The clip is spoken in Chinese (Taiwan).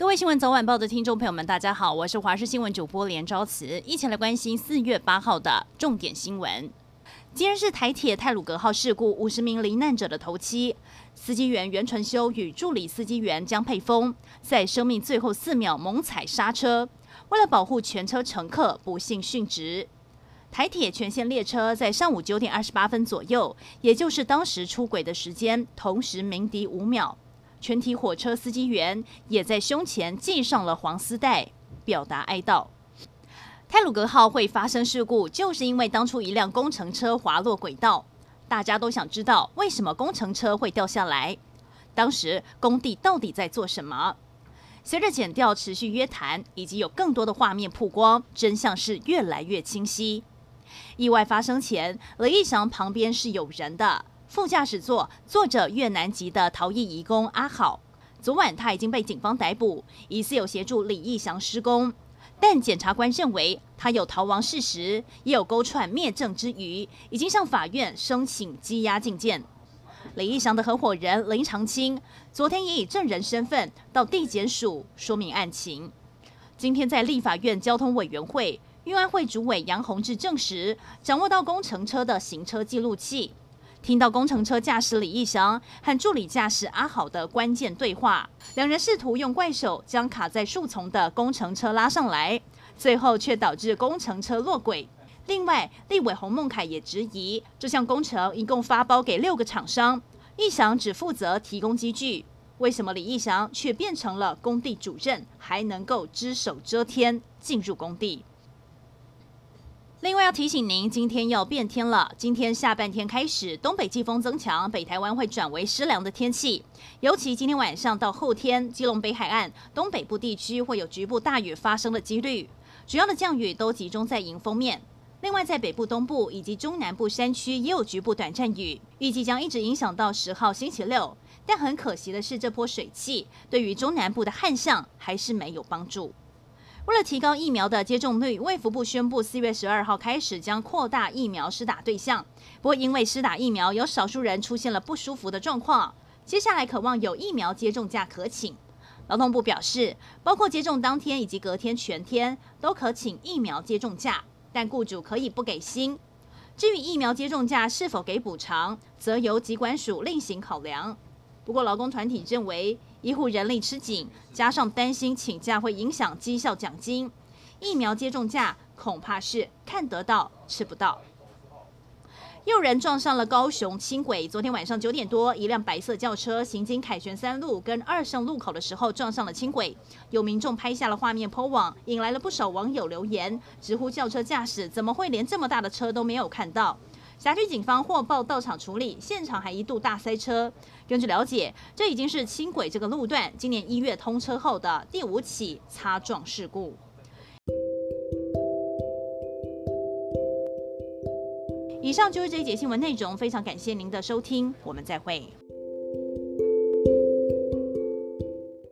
各位新聞早晚報的聽眾朋友們，大家好，我是華視新聞主播連昭慈，一起來關心四月八號的重點新聞。今天是台鐵太魯閣號事故五十名罹難者的頭七，司機員袁純修與助理司機員江沛峰在生命最後四秒猛踩剎車，為了保護全車乘客，不幸殉職。台鐵全線列車在上午九點二十八分左右，也就是當時出軌的時間，同時鳴笛五秒。全體火車司機員也在胸前繫上了黃絲帶，表達哀悼。太魯閣號會發生事故，就是因為當初一輛工程車滑落軌道。大家都想知道，為什麼工程車會掉下來？當時工地到底在做什麼？隨着檢調持續約談，以及有更多的畫面曝光，真相是越來越清晰。意外發生前，李義祥旁邊是有人的。副駕駛座坐着越南籍的逃逸移工阿好，昨晚他已經被警方逮捕，疑似有協助李義祥施工，但檢察官認為他有逃亡事實，也有勾串滅證之虞，已經向法院申請羈押禁見。李義祥的合夥人林長青昨天也以證人身份到地檢署說明案情。今天在立法院交通委員會，運安會主委楊宏智證實掌握到工程車的行車記錄器。聽到工程車駕駛李義祥和助理駕駛阿好的關鍵對話，兩人試圖用怪手將卡在樹叢的工程車拉上來，最後卻導致工程車落軌。另外，立委洪孟楷也質疑，這項工程一共發包給六個廠商，義祥只負責提供機具，為什麼李義祥卻變成了工地主任，還能夠只手遮天進入工地？另外要提醒您，今天要變天了。今天下半天開始，東北季風增強，北台灣會轉為濕涼的天氣。尤其今天晚上到後天，基隆北海岸、東北部地區會有局部大雨發生的幾率。主要的降雨都集中在迎風面。另外，在北部、東部以及中南部山區也有局部短暫雨，預計將一直影響到十號星期六。但很可惜的是，這波水氣對於中南部的旱象還是沒有幫助。為了提高疫苗的接種率，衛福部宣布四月十二號開始將擴大疫苗施打對象。不過，因為施打疫苗，有少數人出現了不舒服的狀況。接下來，可望有疫苗接種假可請。勞動部表示，包括接種當天以及隔天全天都可請疫苗接種假，但雇主可以不給薪。至於疫苗接種假是否給補償，則由疾管署另行考量。不過，勞工團體認為醫護人力吃緊，加上擔心請假會影響績效獎金，疫苗接種假恐怕是看得到吃不到。有人撞上了高雄輕軌。昨天晚上九點多，一輛白色轎車行經凱旋三路跟二聖路口的時候，撞上了輕軌。有民眾拍下了畫面 PO 網，引來了不少網友留言，直呼轎車駕駛怎麼會連這麼大的車都沒有看到？轄區警方獲報到場處理，現場還一度大塞車。根據了解，這已經是輕軌這個路段今年一月通車後的第五起擦撞事故。以上就是這一節新聞內容，非常感謝您的收聽，我們再會。